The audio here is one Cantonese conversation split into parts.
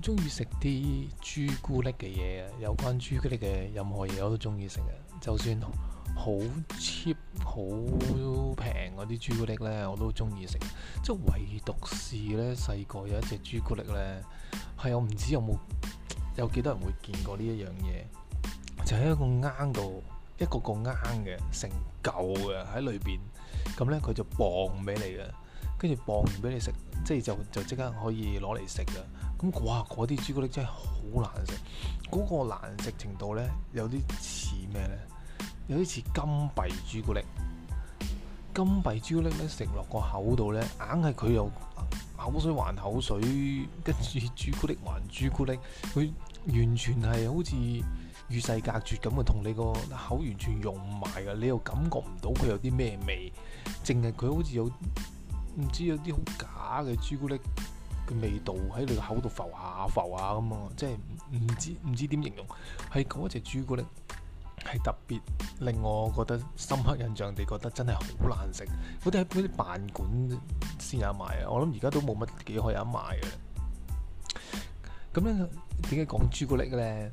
我中意食啲朱古力嘅嘢啊！有關朱古力嘅任何嘢我都中意食嘅，就算好 cheap 好平嗰啲朱古力呢，我都中意食。即係唯獨是呢細個有一隻朱古力呢，係我唔知有冇有幾多人會見過呢一樣嘢，就喺、是、一個巖罌度，一個個罌嘅成舊嘅喺裏邊，咁呢，佢就磅俾你嘅。跟住磅完俾你食，即係就就即刻可以攞嚟食啦。咁哇，嗰啲朱古力真係好難食。嗰個難食程度呢，有啲似咩呢？有啲似金幣朱古力。金幣朱古力咧食落個口度呢，硬係佢又口水還口水，跟住朱古力還朱古力。佢完全係好似與世隔絕咁啊，同你個口完全融唔埋噶。你又感覺唔到佢有啲咩味，淨係佢好似有。唔，有啲好假嘅朱古力嘅味道喺你個口度浮下浮下咁啊！即係唔知唔知點形容，係嗰一隻朱古力係特別令我覺得深刻印象地，覺得真係好難食。嗰啲喺嗰啲辦館，先有賣啊！我諗而家都冇乜幾可以有得賣嘅。咁咧，點解講朱古力咧？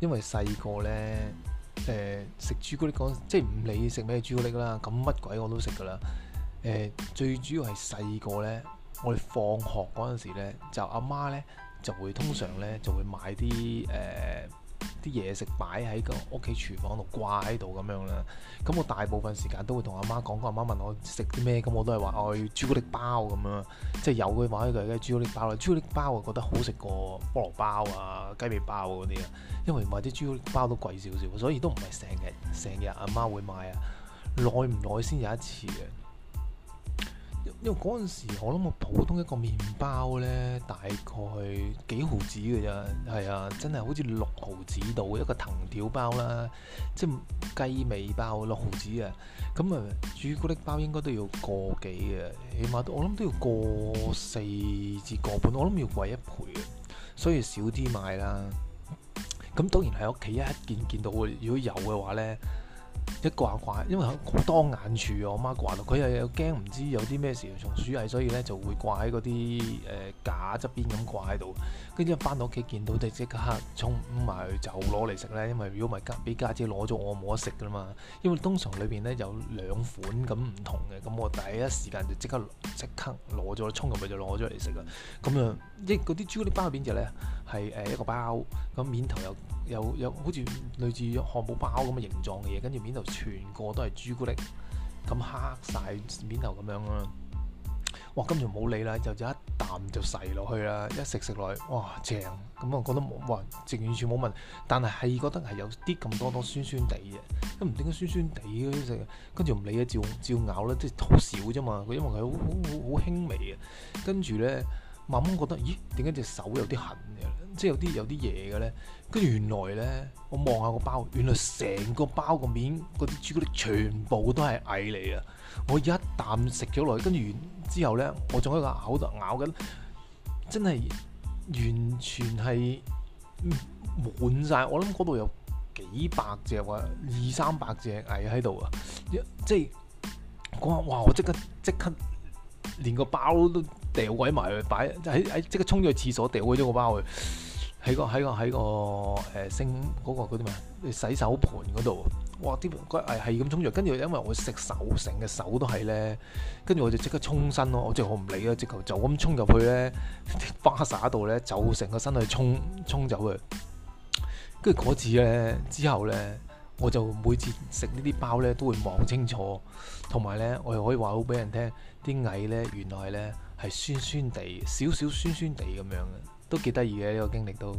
因為細個咧，誒，食朱古力嗰，即係唔理食咩朱古力啦，咁乜鬼我都食噶啦。誒、呃、最主要係細個呢，我哋放學嗰陣時咧，就阿媽，媽呢就會通常呢就會買啲誒啲嘢食擺喺個屋企廚房度掛喺度咁樣啦。咁我大部分時間都會同阿媽講，阿媽，媽問我食啲咩，咁我都係話、哎、我要朱古力包咁樣，即係有嘅話佢嘅朱古力包啦。朱古力包我覺得好食過菠蘿包啊、雞尾包嗰啲啊，因為買啲朱古力包都貴少少，所以都唔係成日成日阿媽會買啊，耐唔耐先有一次嘅。因為嗰陣時，我諗我普通一個麵包呢，大概幾毫子嘅啫，係啊，真係好似六毫子到一個藤條包啦，即係雞尾包六毫子啊，咁啊，朱古力包應該都要個幾嘅，起碼我諗都要個四至個半，我諗要貴一倍啊，所以少啲買啦。咁當然喺屋企一見，見到，如果有嘅話呢。一掛一掛，因為好多眼處，我媽掛到佢又又驚唔知有啲咩事，松鼠蟻，所以咧就會掛喺嗰啲誒架側邊咁掛喺度。跟住一翻到屋企見到，就即刻衝埋就攞嚟食咧。因為如果唔係家俾家姐攞咗，我冇得食噶嘛。因為通常裏邊咧有兩款咁唔同嘅，咁我第一時間就即刻即刻攞咗，衝入去就攞咗嚟食啦。咁樣，一嗰啲朱古力包係邊隻咧？係誒一個包，咁面頭有。有有好似類似漢堡包咁嘅形狀嘅嘢，跟住面頭全個都係朱古力咁黑晒面頭咁樣啊！哇！跟住冇理啦，就一啖就噬落去啦，一食食落去，哇！正咁我、嗯、覺得冇，哇，正完全冇問，但係係覺得係有啲咁多多酸酸地嘅，都唔知點解酸酸地嘅啲食，跟住唔理啦，照照咬啦，即係好少啫嘛，因為佢好好好輕微啊。跟住咧。慢慢覺得，咦？點解隻手有啲痕嘅？即係有啲有啲嘢嘅咧。跟住原來咧，我望下個包，原來成個包個面嗰啲朱古力全部都係蟻嚟啊！我一啖食咗落去，跟住之後咧，我仲喺個口度咬緊，真係完全係滿晒。我諗嗰度有幾百隻啊，或二三百隻蟻喺度啊！即係講話，哇、嗰個！我即刻即刻連個包都～掉鬼埋去，擺喺喺即刻沖咗去廁所，掉鬼咗個包去喺、個喺、個喺、個誒星嗰個嗰啲咩洗手盤嗰度，哇啲鬼蟻係咁沖着，跟住因為我食手成嘅手都係咧，跟住我就即刻沖身咯，我即係我唔理啦，直頭就咁沖入去咧花灑度咧，就成個身去沖沖走佢。跟住嗰次咧之後咧，我就每次食呢啲包咧都會望清楚，同埋咧我係可以話好俾人聽，啲蟻咧原來係咧。係酸酸地，少少酸酸地咁樣嘅，都幾得意嘅呢個經歷都。